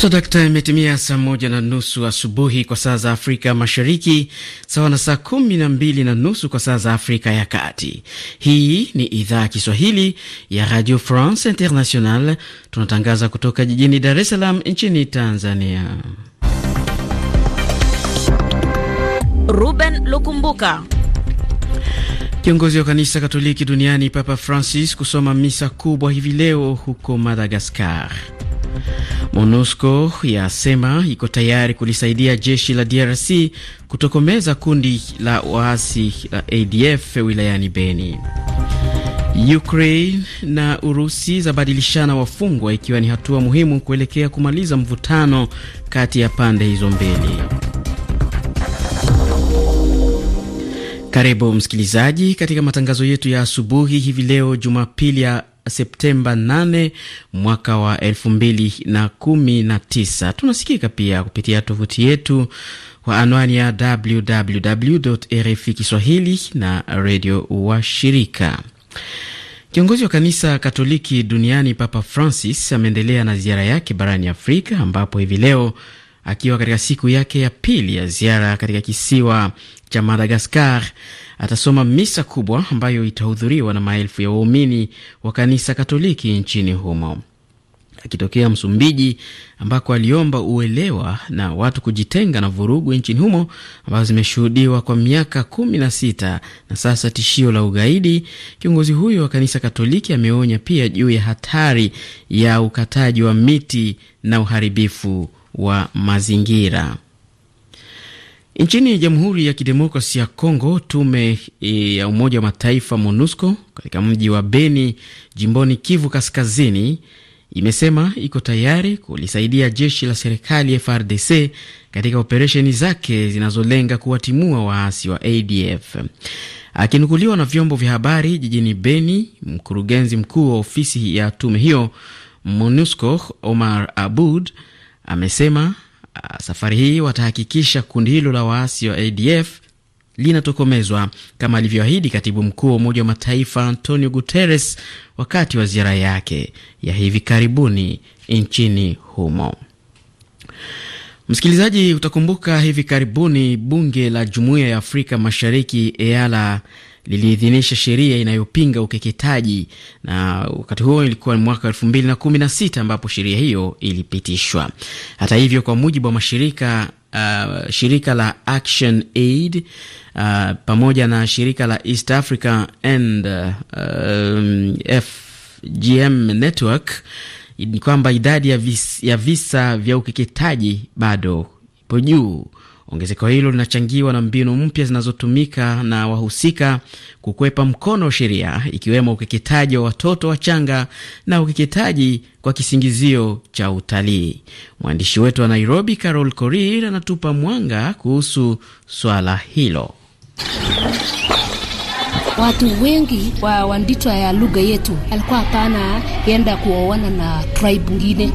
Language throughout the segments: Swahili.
So dakta, imetimia saa moja na nusu asubuhi kwa saa za Afrika Mashariki, sawa na saa kumi na mbili na nusu kwa saa za Afrika ya Kati. Hii ni idhaa ya Kiswahili ya Radio France International, tunatangaza kutoka jijini Dar es Salaam nchini Tanzania. Ruben Lukumbuka. Kiongozi wa kanisa Katoliki duniani Papa Francis kusoma misa kubwa hivi leo huko madagascar MONUSCO yasema iko tayari kulisaidia jeshi la DRC kutokomeza kundi la waasi la ADF wilayani Beni. Ukraine na Urusi zabadilishana wafungwa ikiwa ni hatua muhimu kuelekea kumaliza mvutano kati ya pande hizo mbili. Karibu msikilizaji katika matangazo yetu ya asubuhi hivi leo Jumapili ya Septemba 8 mwaka wa 2019. Tunasikika pia kupitia tovuti yetu kwa anwani ya www RFI Kiswahili na redio shirika Kiongozi wa kanisa Katoliki duniani Papa Francis ameendelea na ziara yake barani Afrika, ambapo hivi leo akiwa katika siku yake ya pili ya ziara katika kisiwa cha madagascar atasoma misa kubwa ambayo itahudhuriwa na maelfu ya waumini wa kanisa Katoliki nchini humo. Akitokea Msumbiji ambako aliomba uelewa na watu kujitenga na vurugu nchini humo ambazo zimeshuhudiwa kwa miaka kumi na sita na sasa tishio la ugaidi. Kiongozi huyo wa kanisa Katoliki ameonya pia juu ya hatari ya ukataji wa miti na uharibifu wa mazingira. Nchini Jamhuri ya Kidemokrasi ya Kongo, tume e, ya Umoja wa Mataifa MONUSCO katika mji wa Beni jimboni Kivu Kaskazini imesema iko tayari kulisaidia jeshi la serikali FRDC katika operesheni zake zinazolenga kuwatimua waasi wa ADF. Akinukuliwa na vyombo vya habari jijini Beni, mkurugenzi mkuu wa ofisi ya tume hiyo MONUSCO Omar Abud amesema Ah, safari hii watahakikisha kundi hilo la waasi wa ADF linatokomezwa kama alivyoahidi katibu mkuu wa Umoja wa Mataifa Antonio Guterres wakati wa ziara yake ya hivi karibuni nchini humo. Msikilizaji, utakumbuka hivi karibuni bunge la Jumuiya ya Afrika Mashariki EALA liliidhinisha sheria inayopinga ukeketaji, na wakati huo ilikuwa ni mwaka elfu mbili na kumi na sita ambapo sheria hiyo ilipitishwa. Hata hivyo, kwa mujibu wa mashirika uh, shirika la Action Aid uh, pamoja na shirika la East Africa and uh, FGM um, Network ni kwamba idadi ya visa, ya visa vya ukeketaji bado ipo juu Ongezeko hilo linachangiwa na mbinu mpya zinazotumika na wahusika kukwepa mkono wa sheria, ikiwemo ukeketaji wa watoto wachanga na ukeketaji kwa kisingizio cha utalii. Mwandishi wetu wa Nairobi, Carol Korir, anatupa mwanga kuhusu swala hilo. Watu wengi wa wandito ya lugha yetu alikuwa hapana enda kuoana na tribe ngine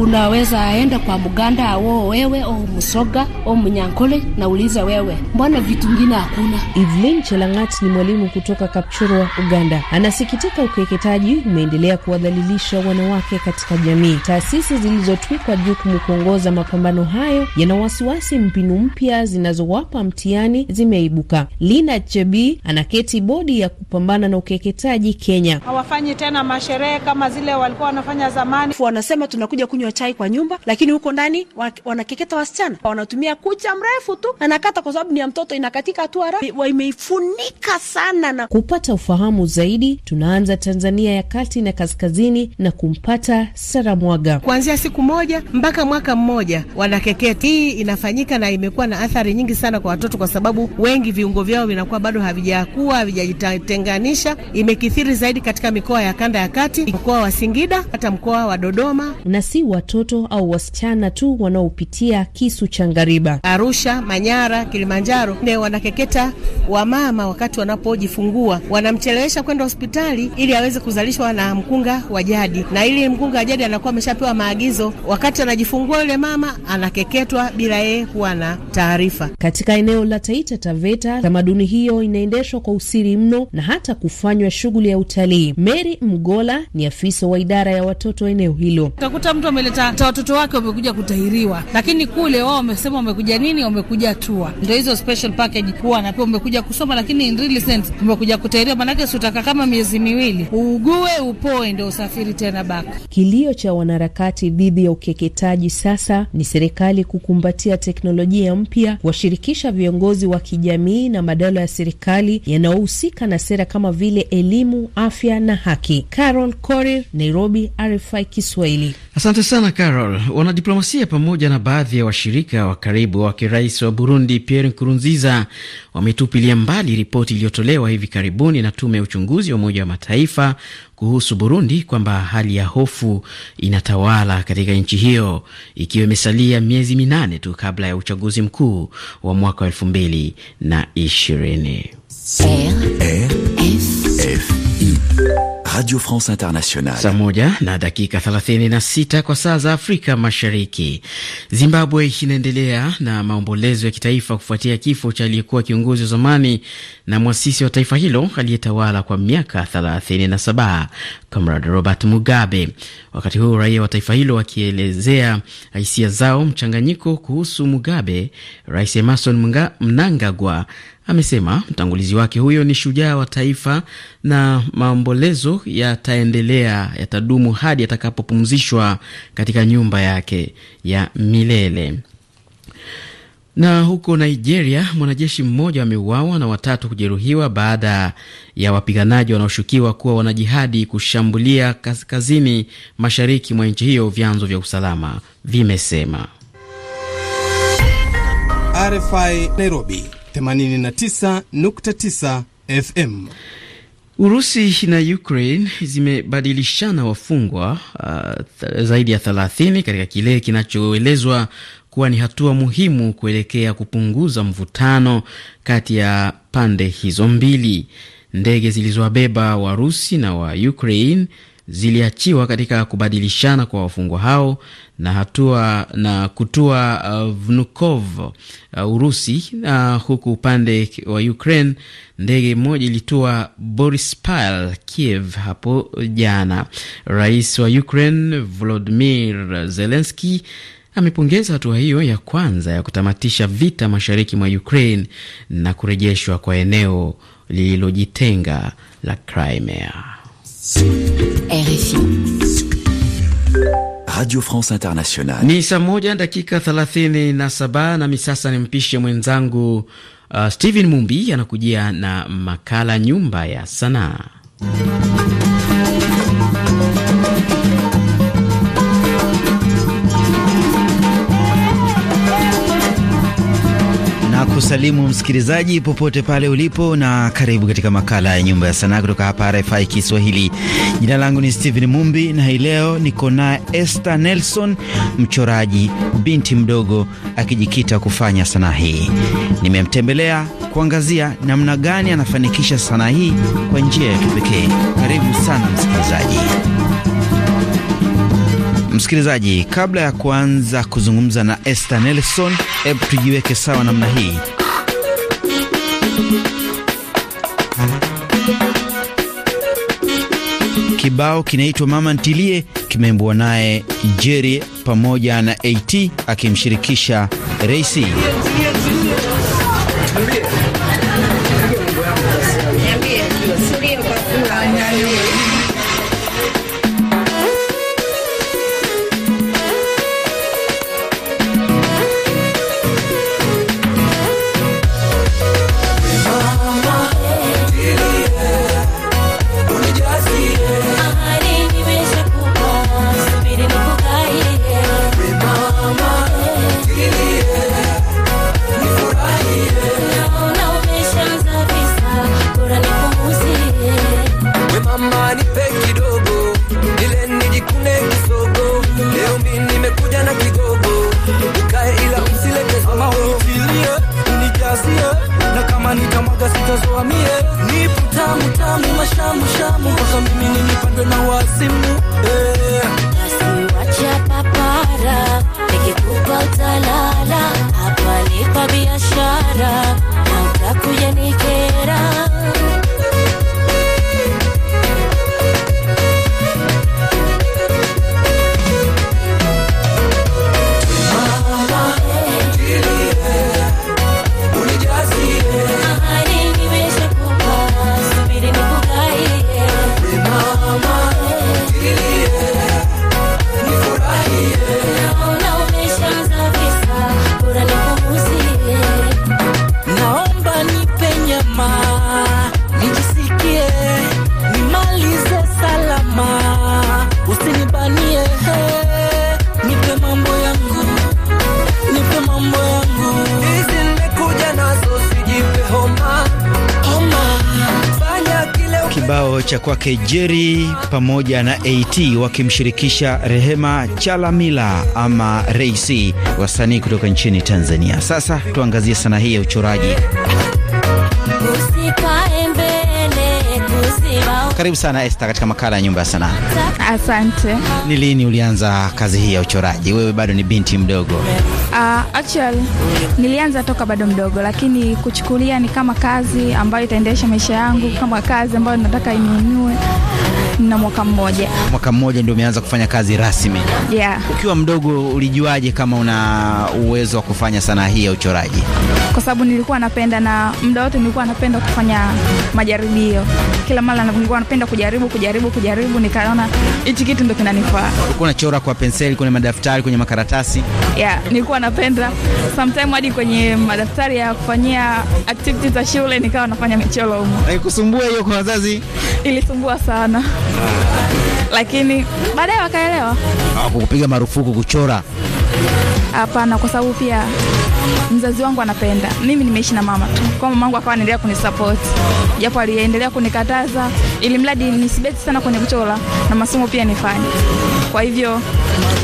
unaweza aenda kwa mganda awo wewe au msoga au mnyankole na uliza wewe, mbona vitu vingine hakuna? Evelyn Chelangat ni mwalimu kutoka Kapchorwa, Uganda. Anasikitika ukeketaji umeendelea kuwadhalilisha wanawake katika jamii. Taasisi zilizotwikwa jukumu kuongoza mapambano hayo yana wasiwasi mbinu mpya zinazowapa mtihani zimeibuka. Lina Chebi anaketi bodi ya kupambana na ukeketaji Kenya. Hawafanyi tena masherehe kama zile walikuwa wanafanya zamani. Wanasema tunakuja wanakuja kunywa chai kwa nyumba, lakini huko ndani wanakeketa wasichana, wanatumia kucha mrefu tu anakata, kwa sababu ni ya mtoto, inakatika tu haraka, wameifunika sana. Na kupata ufahamu zaidi, tunaanza Tanzania ya kati na kaskazini na kumpata Sara Mwaga. Kuanzia siku moja mpaka mwaka mmoja wanakeketa. Hii inafanyika na imekuwa na athari nyingi sana kwa watoto, kwa sababu wengi viungo vyao vinakuwa bado havijakuwa, havijajitenganisha. Imekithiri zaidi katika mikoa ya kanda ya kati, mkoa wa Singida, hata mkoa wa Dodoma na si watoto au wasichana tu wanaopitia kisu cha ngariba. Arusha, Manyara, Kilimanjaro ne wanakeketa wamama wakati wanapojifungua, wanamchelewesha kwenda hospitali ili aweze kuzalishwa na mkunga wa jadi, na ili mkunga wa jadi anakuwa ameshapewa maagizo. Wakati anajifungua yule mama anakeketwa bila yeye kuwa na taarifa. Katika eneo la Taita Taveta, tamaduni hiyo inaendeshwa kwa usiri mno na hata kufanywa shughuli ya utalii. Mary Mgola ni afisa wa idara ya watoto eneo hilo mtu ameleta watoto wake wamekuja kutahiriwa, lakini kule wao wamesema wamekuja nini? Wamekuja tua, ndio hizo special package kuwa na pia umekuja kusoma, lakini in real sense umekuja kutahiriwa, maanake sutaka kama miezi miwili uugue upoe, ndio usafiri tena back. Kilio cha wanaharakati dhidi ya ukeketaji sasa ni serikali kukumbatia teknolojia mpya, kuwashirikisha viongozi wa kijamii na madala ya serikali yanayohusika na sera kama vile elimu, afya na haki. Carol Korir, Nairobi, RFI Kiswahili. Asante. Asante sana Carol. Wanadiplomasia pamoja na baadhi ya washirika wa karibu wake rais wa Burundi Pierre Nkurunziza wametupilia mbali ripoti iliyotolewa hivi karibuni na tume ya uchunguzi wa Umoja wa Mataifa kuhusu Burundi kwamba hali ya hofu inatawala katika nchi hiyo ikiwa imesalia miezi minane tu kabla ya uchaguzi mkuu wa mwaka wa elfu mbili na ishirini. Radio France Internationale. Saa moja na dakika 36 kwa saa za Afrika Mashariki. Zimbabwe inaendelea na maombolezo ya kitaifa kufuatia kifo cha aliyekuwa kiongozi wa zamani na mwasisi wa taifa hilo aliyetawala kwa miaka 37, Comrade Robert Mugabe. Wakati huo raia wa taifa hilo wakielezea hisia zao mchanganyiko kuhusu Mugabe, Rais Emerson Mnangagwa amesema mtangulizi wake huyo ni shujaa wa taifa na maombolezo yataendelea, yatadumu hadi yatakapopumzishwa katika nyumba yake ya milele. Na huko Nigeria, mwanajeshi mmoja ameuawa na watatu kujeruhiwa baada ya wapiganaji wanaoshukiwa kuwa wanajihadi kushambulia kaskazini mashariki mwa nchi hiyo, vyanzo vya usalama vimesema. RFI Nairobi 89.9 FM. Urusi na Ukraine zimebadilishana wafungwa uh, zaidi ya thelathini katika kile kinachoelezwa kuwa ni hatua muhimu kuelekea kupunguza mvutano kati ya pande hizo mbili. Ndege zilizowabeba Warusi na wa Ukraine ziliachiwa katika kubadilishana kwa wafungwa hao na hatua na kutua uh, Vnukov uh, Urusi uh, huku upande wa Ukraine ndege moja ilitua pal Kiev hapo jana. Rais wa Ukraine Volodymyr Zelensky amepongeza hatua hiyo ya kwanza ya kutamatisha vita mashariki mwa Ukraine na kurejeshwa kwa eneo lililojitenga la Crimea. RFI Radio France Internationale. Ni saa moja dakika 37 nami sasa nimpishe mwenzangu uh, Steven Mumbi anakujia na makala nyumba ya sanaa kusalimu msikilizaji popote pale ulipo, na karibu katika makala ya Nyumba ya Sanaa kutoka hapa RFI Kiswahili. Jina langu ni Steven Mumbi na hii leo niko na Esther Nelson, mchoraji binti mdogo akijikita kufanya sanaa hii. Nimemtembelea kuangazia namna gani anafanikisha sanaa hii kwa njia ya kipekee. Karibu sana msikilizaji. Msikilizaji, kabla ya kuanza kuzungumza na Esther Nelson, hebu tujiweke sawa namna hii. Kibao kinaitwa Mama Ntilie kimeimbwa naye Jerry pamoja na AT akimshirikisha Reisi. cha kwake Jeri pamoja na AT wakimshirikisha Rehema Chalamila ama Reisi, wasanii kutoka nchini Tanzania. Sasa tuangazie sanaa hii ya uchoraji. Karibu sana esta katika makala ya nyumba ya sanaa. Asante. Ni lini ulianza kazi hii ya uchoraji? Wewe bado ni binti mdogo. Uh, ah, actually nilianza toka bado mdogo, lakini kuchukulia ni kama kazi ambayo itaendesha maisha yangu, kama kazi ambayo nataka iniinue na mwaka mmoja. Mwaka mmoja ndio umeanza kufanya kazi rasmi? Yeah. Ukiwa mdogo ulijuaje kama una uwezo wa kufanya sanaa hii ya uchoraji? Kwa sababu nilikuwa napenda, na muda wote nilikuwa napenda kufanya majaribio. Kila mara nilikuwa napenda kujaribu kujaribu kujaribu, nikaona hichi kitu ndio kinanifaa. Ulikuwa unachora kwa penseli, kwenye madaftari, kwenye makaratasi? Yeah, nilikuwa napenda sometime hadi kwenye madaftari ya kufanyia activities za shule nikawa nafanya michoro huko. Haikusumbua hiyo kwa wazazi? Ilisumbua sana lakini baadaye wakaelewa. Hawakupiga marufuku kuchora? Hapana, kwa sababu pia mzazi wangu anapenda. Mimi nimeishi na mama tu, kwa mamangu akawa anaendelea kunisupport japo aliendelea kunikataza, ili mradi nisibeti sana kwenye kuchora na masomo pia nifanye. Kwa hivyo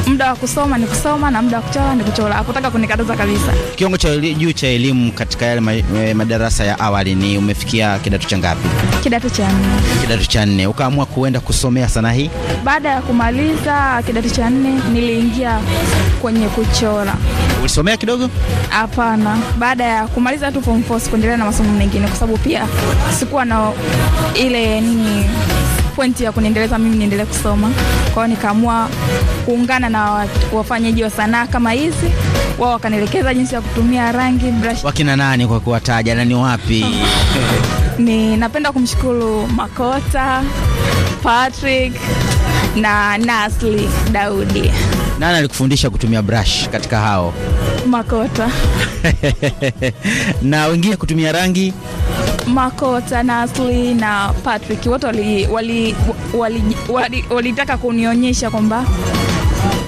Muda wa kusoma ni kusoma na muda wa kuchora ni kuchora. Hakutaka kunikataza kabisa. Kiwango cha juu cha elimu katika yale ma, e, madarasa ya awali ni umefikia kidato cha ngapi? Kidato cha nne. Kidato cha nne ukaamua kuenda kusomea sanaa hii? Baada ya kumaliza kidato cha nne niliingia kwenye kuchora. Ulisomea kidogo? Hapana, baada ya kumaliza tu form 4 sikuendelea na masomo mengine, kwa sababu pia sikuwa na ile nini point ya kuniendeleza mimi niendelee kusoma. Kwa hiyo nikaamua kuungana na wafanyaji wa sanaa kama hizi, wao wakanielekeza jinsi ya kutumia rangi brush. Wakina nani kwa kuwataja na ni wapi? Ni napenda kumshukuru Makota Patrick na Nasli Daudi. Nani alikufundisha kutumia brush katika hao? Makota. na wengine kutumia rangi Makota na na Patrick wote walitaka wali, wali, wali, wali kunionyesha kwamba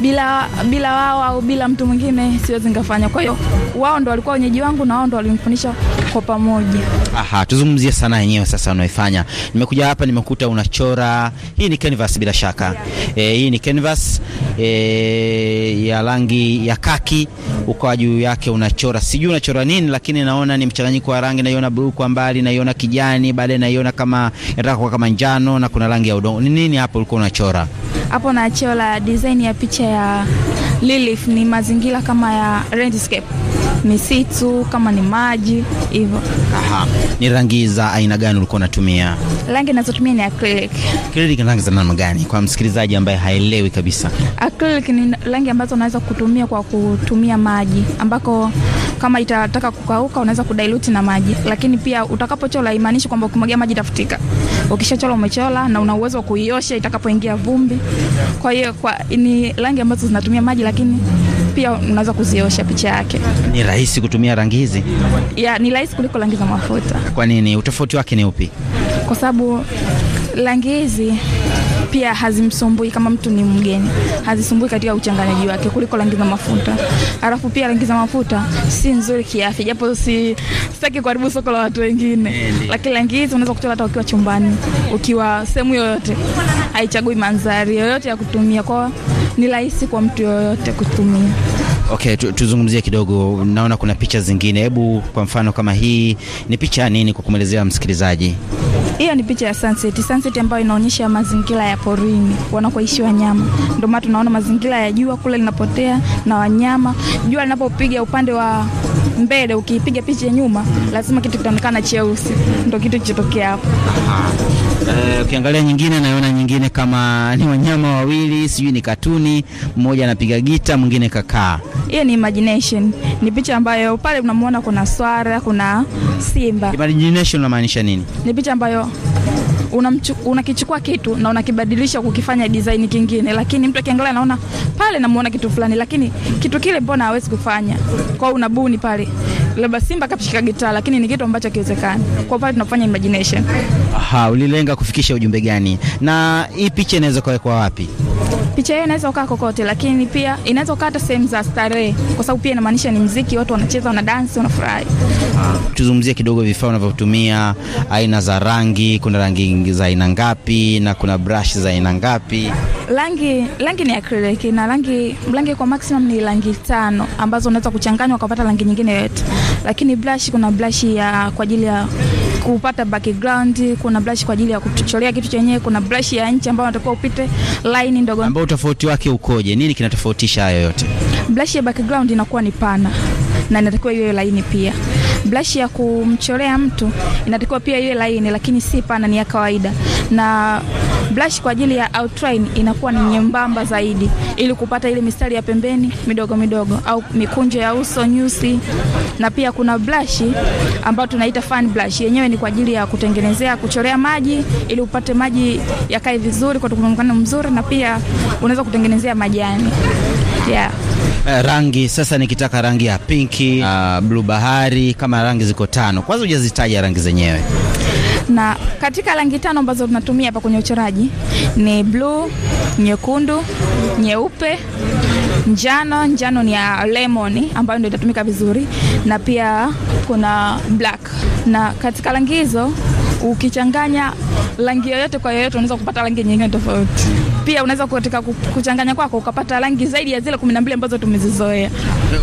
bila bila wao au bila mtu mwingine siwezi nikafanya. Kwa hiyo wao ndo walikuwa wenyeji wangu na wao ndo walinifundisha kwa pamoja. Aha, tuzungumzie sanaa yenyewe sasa unaoifanya. Nimekuja hapa nimekuta unachora. Hii ni canvas bila shaka. Yeah. E, hii ni canvas e, ya rangi ya kaki ukawa juu yake unachora. Sijui unachora nini lakini naona ni mchanganyiko wa rangi, naiona blue kwa mbali, naiona kijani, baadaye naiona kama inataka kama njano na kuna rangi ya udongo. Ni nini hapo ulikuwa unachora? Hapo nachora design ya picha picha ya lilif ni mazingira kama ya landscape misitu, kama ni maji hivyo. Aha. Ni rangi za aina gani ulikuwa unatumia? Rangi ninazotumia ni acrylic. Acrylic ni rangi za namna gani kwa msikilizaji ambaye haelewi kabisa? Acrylic ni rangi ambazo unaweza kutumia kwa kutumia maji ambako kama itataka kukauka unaweza kudilute na maji, lakini pia utakapochola imaanisha kwamba ukimwagia maji itafutika. Ukishachola umechola na una uwezo wa kuiosha itakapoingia vumbi. Kwa hiyo kwa ni rangi ambazo zinatumia maji lakini pia unaweza kuziosha picha yake. Ni rahisi kutumia rangi hizi ya ni rahisi kuliko rangi za mafuta. Kwa nini? Utofauti wake ni upi? Kwa sababu rangi hizi pia hazimsumbui kama mtu ni mgeni, hazisumbui katika uchanganyaji wake kuliko rangi za mafuta. Alafu pia rangi za mafuta si nzuri kiafya, japo si sitaki kuharibu soko la watu wengine, eh, lakini rangi hizi unaweza kuchora hata ukiwa chumbani, ukiwa sehemu yoyote, haichagui mandhari yoyote ya kutumia kwa ni rahisi kwa mtu yoyote kutumia. Okay, tuzungumzie kidogo. Naona kuna picha zingine, hebu kwa mfano kama hii ni picha ya nini, kwa kumwelezea msikilizaji? Hiyo ni picha ya sunset. Sunset ambayo inaonyesha mazingira ya porini wanakoishi wanyama, ndio maana tunaona mazingira ya jua kule linapotea na wanyama, jua linapopiga upande wa mbele, ukipiga picha nyuma, lazima kitu kitaonekana cheusi. Ndio kitu kilichotokea hapo. Uh, ukiangalia nyingine naona nyingine kama ni wanyama wawili, sijui ni katuni, mmoja anapiga gita, mwingine kakaa. Hiyo ni imagination, ni picha ambayo pale unamwona kuna swara, kuna simba. Imagination inamaanisha nini? Ni picha ambayo unakichukua una kitu na unakibadilisha kukifanya design kingine, lakini mtu akiangalia anaona pale namuona kitu fulani, lakini kitu kile mbona hawezi kufanya kwao, unabuni pale labda simba kapishika gitaa, lakini ni kitu ambacho kiwezekani kwa pale tunafanya imagination. Aha, ulilenga kufikisha ujumbe gani na hii picha inaweza kuwekwa wapi? picha hiyo inaweza ukaa kokote, lakini pia inaweza ukaa hata sehemu za starehe, kwa sababu pia inamaanisha ni mziki, watu wanacheza, dansi wanafurahi. Tuzungumzie kidogo vifaa unavyotumia, aina za rangi. Kuna rangi za aina ngapi na kuna brush za aina ngapi? Rangi rangi ni acrylic na rangi rangi kwa maximum ni rangi tano ambazo unaweza kuchanganywa ukapata rangi nyingine yoyote, lakini brush, kuna brush ya kwa ajili ya kupata background, kuna brush kwa ajili ya kutucholea kitu chenyewe, kuna brush ya nchi ambayo unatakiwa upite line ndogo. ambayo utofauti wake ukoje? Nini kinatofautisha hayo yote? Brush ya background inakuwa ni pana na inatakiwa iwe laini pia. Brush ya kumcholea mtu inatakiwa pia iwe laini, lakini si pana, ni ya kawaida na Blush kwa ajili ya outline inakuwa ni nyembamba zaidi, ili kupata ile mistari ya pembeni midogo midogo au mikunjo ya uso, nyusi. Na pia kuna blush ambayo tunaita fan blush, yenyewe ni kwa ajili ya kutengenezea, kuchorea maji, ili upate maji yakae vizuri kwa muonekano mzuri, na pia unaweza kutengenezea majani yeah. Eh, rangi sasa, nikitaka rangi ya pinki, uh, ah, bluu bahari, kama rangi ziko tano. Kwanza hujazitaja rangi zenyewe na katika rangi tano ambazo tunatumia hapa kwenye uchoraji ni bluu, nyekundu, nyeupe, njano. Njano ni ya lemon ambayo ndio itatumika vizuri, na pia kuna black. Na katika rangi hizo ukichanganya rangi yoyote kwa yoyote, unaweza kupata rangi nyingine tofauti pia unaweza katika kuchanganya kwako ukapata rangi zaidi ya zile 12 ambazo tumezizoea.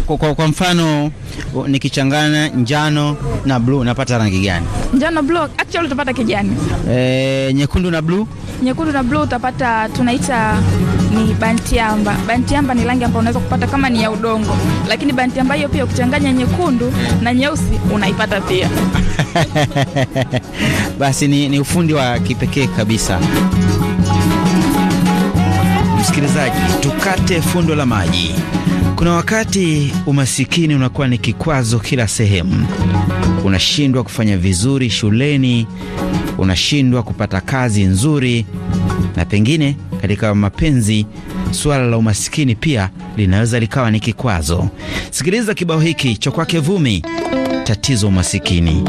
Kwa, kwa, kwa mfano nikichanganya njano na blue napata rangi gani? Njano blue, actually utapata kijani. E, nyekundu na blue? Nyekundu na blue utapata tunaita ni bantiamba. Bantiamba ni rangi ambayo unaweza kupata kama ni ya udongo, lakini bantiamba hiyo pia ukichanganya nyekundu na nyeusi unaipata pia. Basi ni, ni ufundi wa kipekee kabisa msikilizaji, tukate fundo la maji. Kuna wakati umasikini unakuwa ni kikwazo kila sehemu. Unashindwa kufanya vizuri shuleni, unashindwa kupata kazi nzuri, na pengine katika mapenzi. Suala la umasikini pia linaweza likawa ni kikwazo. Sikiliza kibao hiki cha kwake Vumi, tatizo umasikini.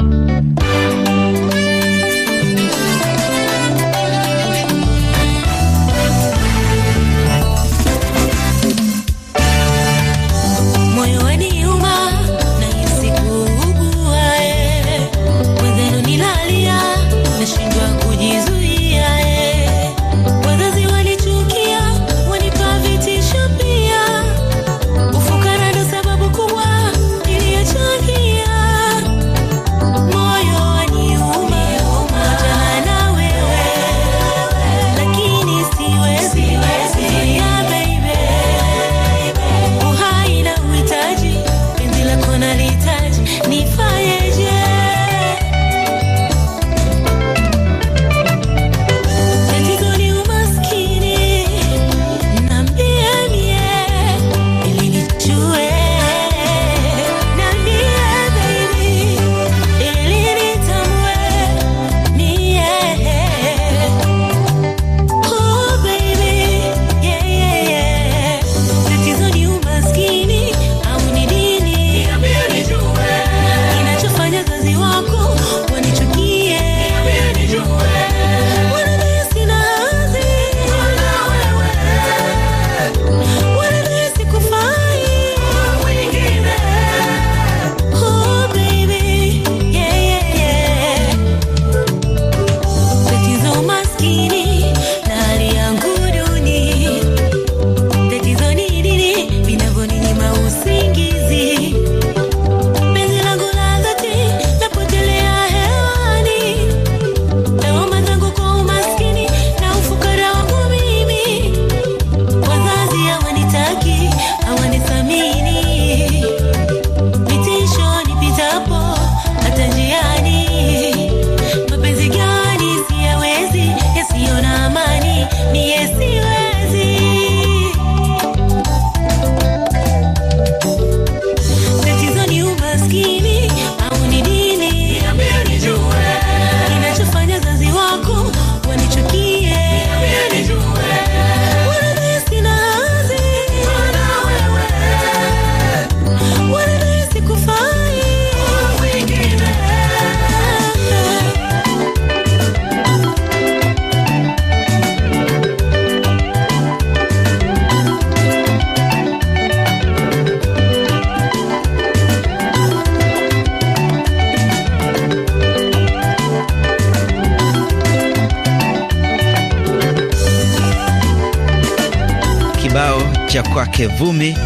cha kwake Vumi,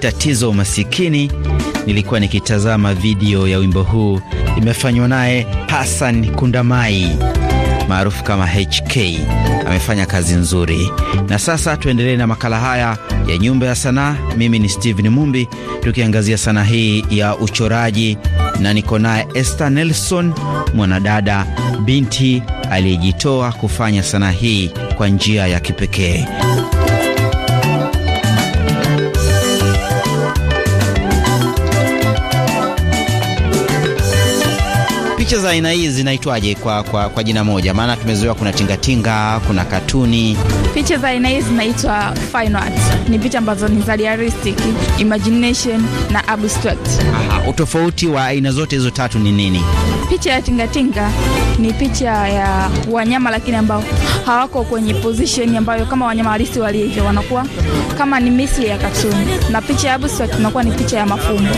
tatizo umasikini. Nilikuwa nikitazama video ya wimbo huu, imefanywa naye Hassan Kundamai maarufu kama HK. Amefanya kazi nzuri, na sasa tuendelee na makala haya ya nyumba ya sanaa. Mimi ni Steven Mumbi, tukiangazia sanaa hii ya uchoraji, na niko naye Esther Nelson, mwanadada binti aliyejitoa kufanya sanaa hii kwa njia ya kipekee. picha za aina hii zinaitwaje kwa, kwa, kwa jina moja? Maana tumezoea kuna tingatinga, kuna katuni. Picha za aina hii zinaitwa fine art, ni picha ambazo ni za realistic, imagination na abstract. Aha, utofauti wa aina zote hizo tatu ni nini? Picha ya tingatinga ni picha ya wanyama lakini ambao hawako kwenye position ambayo kama wanyama halisi walivyo, wanakuwa kama ni misi ya katuni, na picha ya abstract inakuwa ni picha ya mafumbo.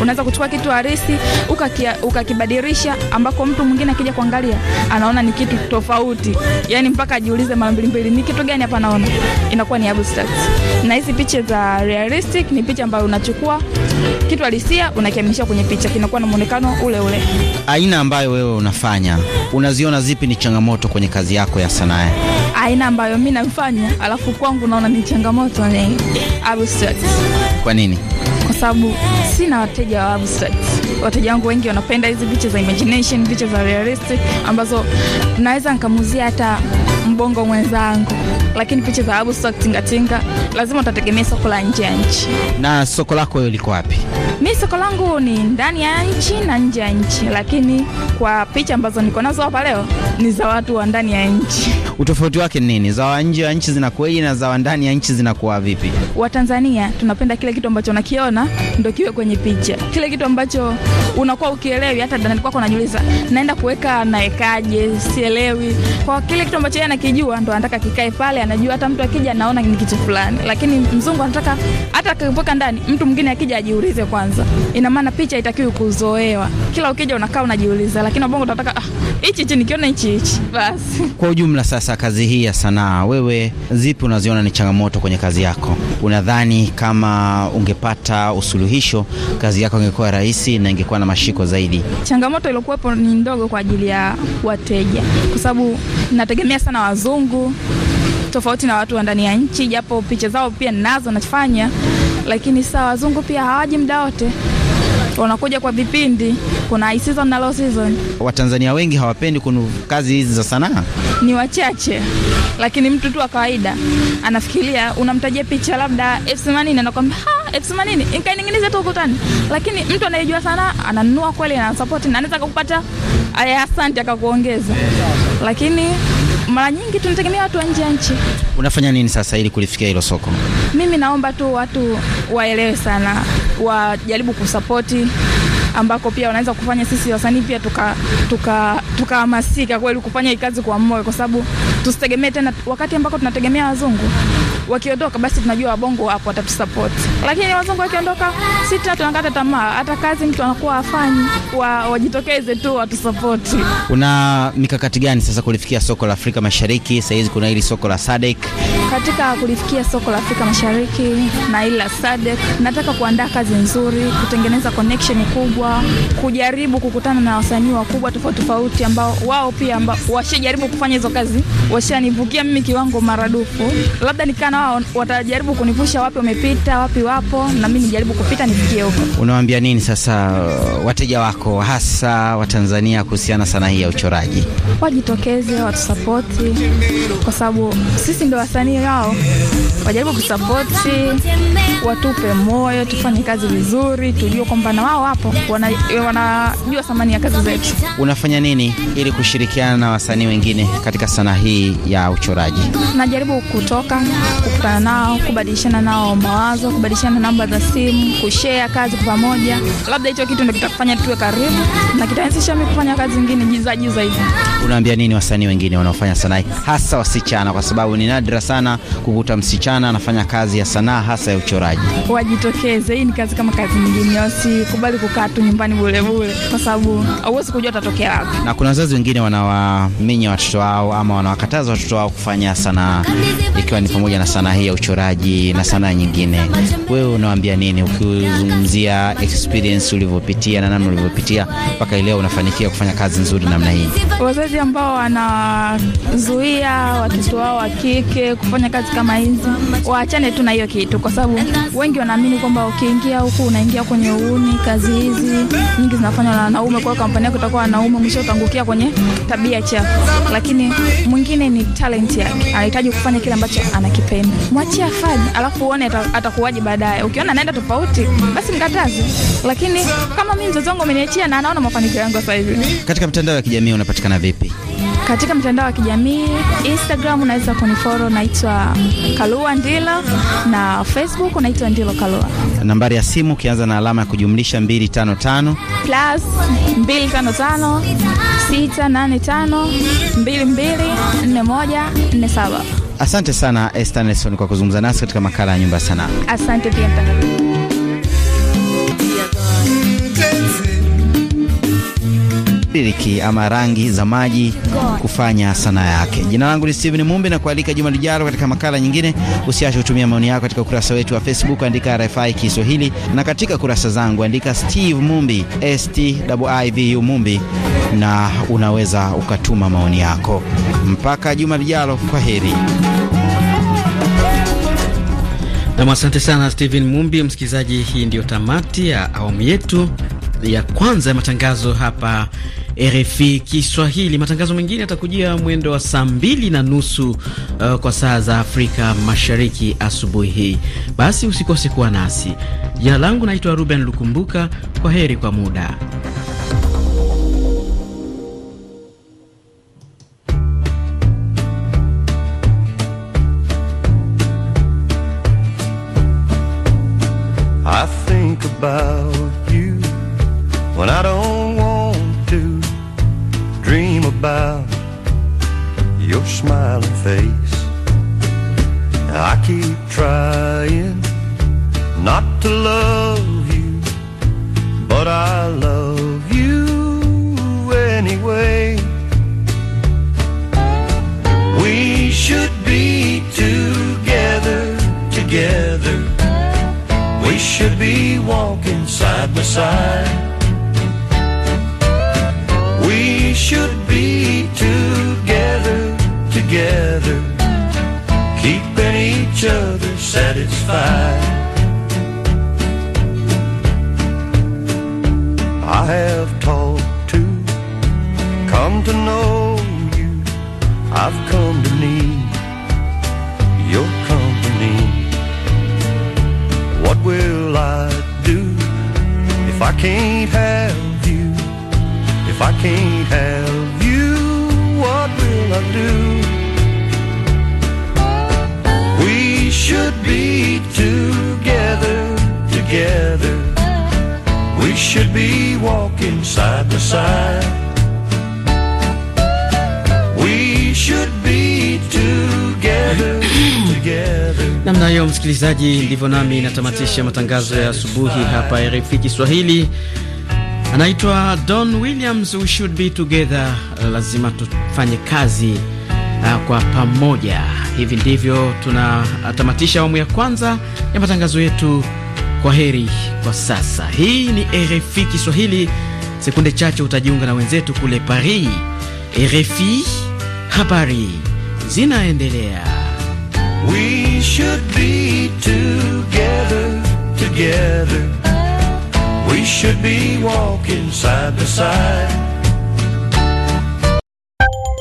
Unaweza kuchukua kitu halisi ukakibadilisha, uka ambako mtu mwingine akija kuangalia anaona ni kitu tofauti, yani mpaka ajiulize mara mbili mbili, ni kitu gani hapa naona. Inakuwa ni abstract. Na hizi picha za realistic ni picha ambayo unachukua kitu halisia unakiamisha kwenye picha, kinakuwa na muonekano ule ule aina ambayo wewe unafanya, unaziona zipi ni changamoto kwenye kazi yako ya sanaa? Aina ambayo mimi nafanya, alafu kwangu naona ni changamoto ni abstract. Kwa nini? Kwa sababu sina wateja wa abstract. Wateja wangu wengi wanapenda hizi picha za imagination, picha za realistic ambazo naweza nikamuzia hata mbongo mwenzangu, lakini picha za abstract tingatinga, lazima utategemea soko la nje ya nchi. Na soko lako wewe liko wapi? Mi soko langu ni ndani ya nchi na nje ya nchi, lakini kwa picha ambazo niko nazo hapa leo ni za watu wa ndani ya nchi. Utofauti wake nini? Za nje ya nchi zinakuwaje na za ndani ya nchi zinakuwa vipi? Watanzania tunapenda kile kitu ambacho unakiona ndio kiwe kwenye picha, kile kitu ambacho unakuwa ukielewi, hata ndani kwako unajiuliza, naenda kuweka naekaje? Sielewi. Kwa kile kitu ambacho yeye anakijua ndo anataka kikae pale, anajua hata mtu akija anaona ni kitu fulani, lakini mzungu anataka hata akipaka ndani, mtu mwingine akija ajiulize kwanza kwanza. Ina maana picha haitakiwi kuzoewa, kila ukija unakaa unajiuliza, lakini ubongo utataka ah, hichi hichi nikiona hichi hichi basi. Kwa ujumla, sasa kazi hii ya sanaa, wewe zipi unaziona ni changamoto kwenye kazi yako? Unadhani kama ungepata usuluhisho, kazi yako ingekuwa rahisi na ingekuwa na mashiko zaidi? Changamoto iliyokuwepo ni ndogo kwa ajili ya wateja, kwa sababu nategemea sana wazungu tofauti na watu wa ndani ya nchi, japo picha zao pia ninazo nafanya lakini saa wazungu pia hawaji muda wote, wanakuja kwa vipindi. Kuna high season na low season. Watanzania wengi hawapendi kunu kazi hizi za sanaa, ni wachache, lakini mtu tu wa kawaida anafikiria, unamtajia picha labda elfu themanini anakwambia elfu themanini nikaining'iniza tu ukutani, lakini mtu anayejua sanaa ananunua kweli, anasapoti na anaweza kukupata aya, asante, akakuongeza, lakini mara nyingi tunategemea watu wa nje ya nchi. Unafanya nini sasa ili kulifikia hilo soko? Mimi naomba tu watu waelewe sana, wajaribu kusapoti ambako pia wanaweza kufanya sisi wasanii pia tukahamasika tuka, tuka kweli kufanya hii kazi kwa moyo, kwa sababu tusitegemee tena wakati ambako tunategemea wazungu wakiondoka basi tunajua wabongo wapo watatusapoti, lakini wazungu wakiondoka sita tunakata tamaa, hata kazi mtu anakuwa afanyi, wa, wajitokeze tu watusapoti. Una mikakati gani sasa kulifikia soko la Afrika Mashariki? Sahizi kuna hili soko la SADC katika kulifikia soko la Afrika Mashariki na ila SADC, nataka kuandaa kazi nzuri, kutengeneza connection kubwa, kujaribu kukutana na wasanii wakubwa tofauti tofauti ambao wao pia ambao washajaribu kufanya hizo kazi, washanivukia mimi kiwango maradufu. Labda nikaa na wao, watajaribu kunivusha wapi wamepita, wapi wapo, na mimi nijaribu kupita nifikie huko. Unawaambia nini sasa uh, wateja wako hasa Watanzania kuhusiana sana hii ya uchoraji? Wajitokeze, watusapoti kwa sababu sisi ndio wasanii jamii yao, wajaribu kusapoti, watupe moyo, tufanye kazi vizuri, tujue kwamba na wao hapo wanajua wana thamani ya kazi zetu. Unafanya nini ili kushirikiana na wasanii wengine katika sanaa hii ya uchoraji? Najaribu kutoka, kukutana nao, kubadilishana nao mawazo, kubadilishana namba za simu, kushare kazi kwa pamoja. Labda hicho kitu ndio kitakufanya tuwe karibu na kitarahisisha mimi kufanya kazi zingine jizaji zaidi. Unaambia nini wasanii wengine wanaofanya sanaa hasa wasichana, kwa sababu ni nadra sana sana kukuta msichana anafanya kazi ya sanaa hasa ya uchoraji. Wajitokeze, hii ni kazi kama kazi nyingine, wasikubali kukaa tu nyumbani bulebule, kwa sababu hauwezi kujua tatokea wapi. Na kuna wazazi wengine wanawaminya watoto wao ama wanawakataza watoto wao kufanya sanaa, ikiwa ni pamoja na sanaa hii ya uchoraji na sanaa nyingine. Wewe unawaambia nini ukizungumzia experience ulivyopitia na namna ulivyopitia mpaka leo unafanikiwa kufanya kazi nzuri namna hii? Wazazi ambao wanazuia watoto wao wa kike kufanya kufanya kazi kama hizi, waachane tu na hiyo kitu, kwa sababu wengi wanaamini kwamba ukiingia huku unaingia kwenye uuni. Kazi hizi nyingi zinafanywa na wanaume, kwa kampani yako itakuwa wanaume, mwisho utaangukia kwenye tabia chafu. Lakini mwingine ni talent yake, anahitaji kufanya kile ambacho anakipenda, mwachie afanye, alafu uone atakuwaje baadaye. Ukiona anaenda tofauti, basi mkataze. Lakini kama mimi mtoto wangu ameniachia na anaona mafanikio yangu sasa hivi. Katika mitandao ya kijamii unapatikana vipi? katika mtandao wa kijamii Instagram unaweza kunifollow, naitwa Kalua Ndilo, na Facebook unaitwa Ndilo Kalua. Nambari ya simu ukianza na alama ya kujumlisha 255 plus 255 685 Asante sana Esther Nelson kwa kuzungumza nasi katika makala ya nyumba ya sanaa. Asante pia mtangazaji mtiririki ama rangi za maji kufanya sanaa yake. Jina langu ni Steven Mumbi na kualika juma lijalo katika makala nyingine. Usiache kutumia maoni yako katika ukurasa wetu wa Facebook, andika RFI Kiswahili, na katika kurasa zangu andika Steve Mumbi, S T I V U Mumbi, na unaweza ukatuma maoni yako. Mpaka juma lijalo, kwa heri. Nam, asante sana Steven Mumbi. Msikilizaji, hii ndiyo tamati ya awamu yetu ya kwanza ya matangazo hapa RFI Kiswahili. Matangazo mengine yatakujia mwendo wa saa mbili na nusu uh, kwa saa za Afrika Mashariki asubuhi hii. Basi usikose kuwa nasi. Jina langu naitwa Ruben Lukumbuka. Kwa heri kwa muda. to love you, but I love you anyway. We should be together, together. We should be walking side by side. We should be together, together, keeping each other satisfied. have talked to, come to know you, I've come to need your company. What will I do if I can't have you? If I can't have you, what will I do? We should be two. should be walking side by side. We should be together, together. Namna hiyo, msikilizaji, ndivyo nami natamatisha matangazo ya asubuhi hapa RFI Kiswahili. Anaitwa Don Williams, we should be together. Lazima tufanye kazi uh, kwa pamoja. Hivi ndivyo tunatamatisha awamu ya kwanza ya matangazo yetu kwa heri kwa sasa. Hii ni RFI Kiswahili. Sekunde chache utajiunga na wenzetu kule Paris. RFI, habari zinaendelea. We should be together, together. We should be walking side by side.